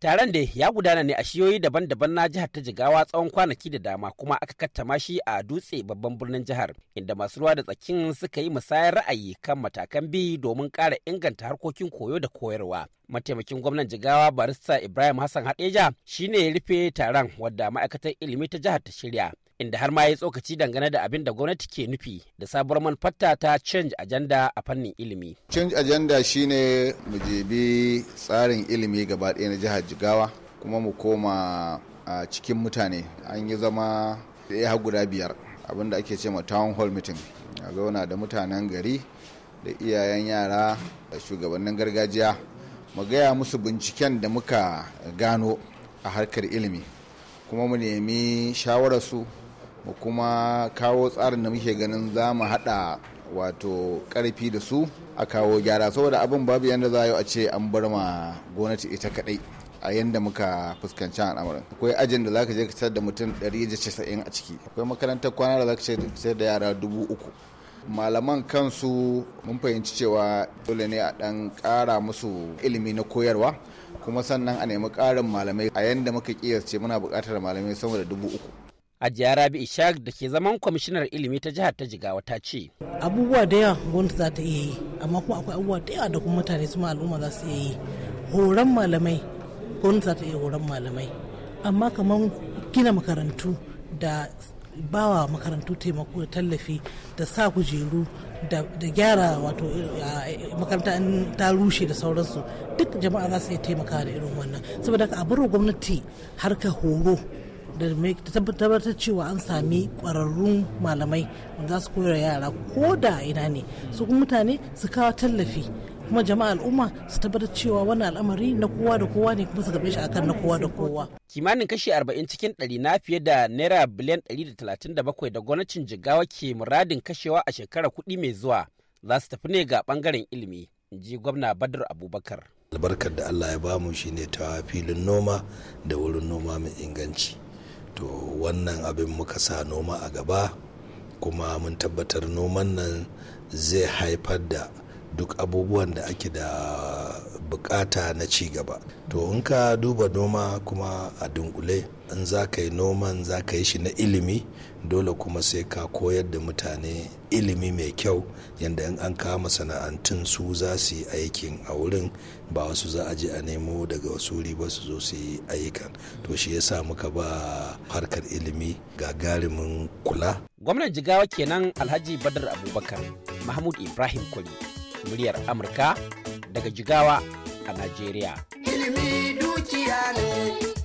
Taron da ya gudana ne a shiyoyi daban-daban na jihar ta Jigawa tsawon kwanaki da dama kuma aka kattama shi a dutse babban birnin jihar inda masu ruwa da tsakin suka yi musayar ra'ayi kan matakan biyu domin ƙara inganta harkokin koyo da koyarwa. Mataimakin gwamnan Jigawa barista Ibrahim Hassan Hadeja shine ya rufe taron wadda ma'aikatar ilimi ta jihar ta shirya. inda har ma ya yi tsokaci dangane da abin da gwamnati ke nufi da sabuwar manufarta ta change agenda a fannin ilimi. Change agenda shine mu jibi tsarin ilimi gaba ɗaya na jihar Jigawa kuma mu koma a cikin mutane an yi zama ya guda biyar abin da ake ce ma town hall meeting a zauna da mutanen gari da iyayen yara da shugabannin gargajiya mu gaya musu binciken da muka gano a harkar ilimi kuma mu nemi shawararsu mu kuma kawo tsarin da muke ganin za mu haɗa wato karfi da su a kawo gyara saboda abin babu yadda za a yi a ce an bar ma gwamnati ita kaɗai a yadda muka fuskanci al'amarin akwai ajin da zaka je ka da mutum 190 a ciki akwai makarantar kwana da zaka sayar da yara dubu uku malaman kansu mun fahimci cewa dole ne a dan kara musu ilimi na koyarwa kuma sannan a nemi karin malamai a yadda muka kiyasce muna buƙatar malamai sama da dubu uku Ajiya Rabi Ishaq da ke zaman kwamishinar ilimi ta jihar ta Jigawa ta ce. Abubuwa da yawa gwamnati za ta iya yi, amma kuma akwai abubuwa da yawa da kuma mutane su al'umma za su iya yi. Horon malamai, gwamnati za ta iya horon malamai. Amma kamar gina makarantu da bawa makarantu taimako da tallafi da sa kujeru da gyara wato makaranta ta rushe da sauransu duk jama'a za su iya taimaka da irin wannan saboda ka a gwamnati harkar horo da tabbatar cewa an sami kwararrun malamai wanda su koyar yara ko da ina ne su kuma mutane su kawo tallafi kuma jama'a al'umma su tabbatar cewa wannan al'amari na kowa da kowa ne kuma su gabe shi akan na kowa da kowa kimanin kashi 40 cikin 100 na fiye da naira biliyan 137 da gwamnatin jigawa ke muradin kashewa a shekara kuɗi mai zuwa za su tafi ne ga bangaren ilimi in ji gwamna badar abubakar albarkar da allah ya bamu shine ta filin noma da wurin noma mai inganci to wannan abin muka sa noma a gaba kuma mun tabbatar noman nan zai haifar da duk abubuwan da ake da bukata na ci gaba to in ka duba noma kuma a dunkule in za ka yi noman za ka yi shi na ilimi dole kuma sai ka koyar da mutane ilimi mai kyau yadda in an kama sana'antun su za su yi aikin a wurin ba wasu za a je a nemo daga wasu wuri ba su zo su yi ayyukan to shi ya sa muka ba harkar ilimi gagarumin kula gwamnan jigawa kenan alhaji badar abubakar mahmud ibrahim kwali muryar amurka daga jigawa a najeriya ilimi dukiya ne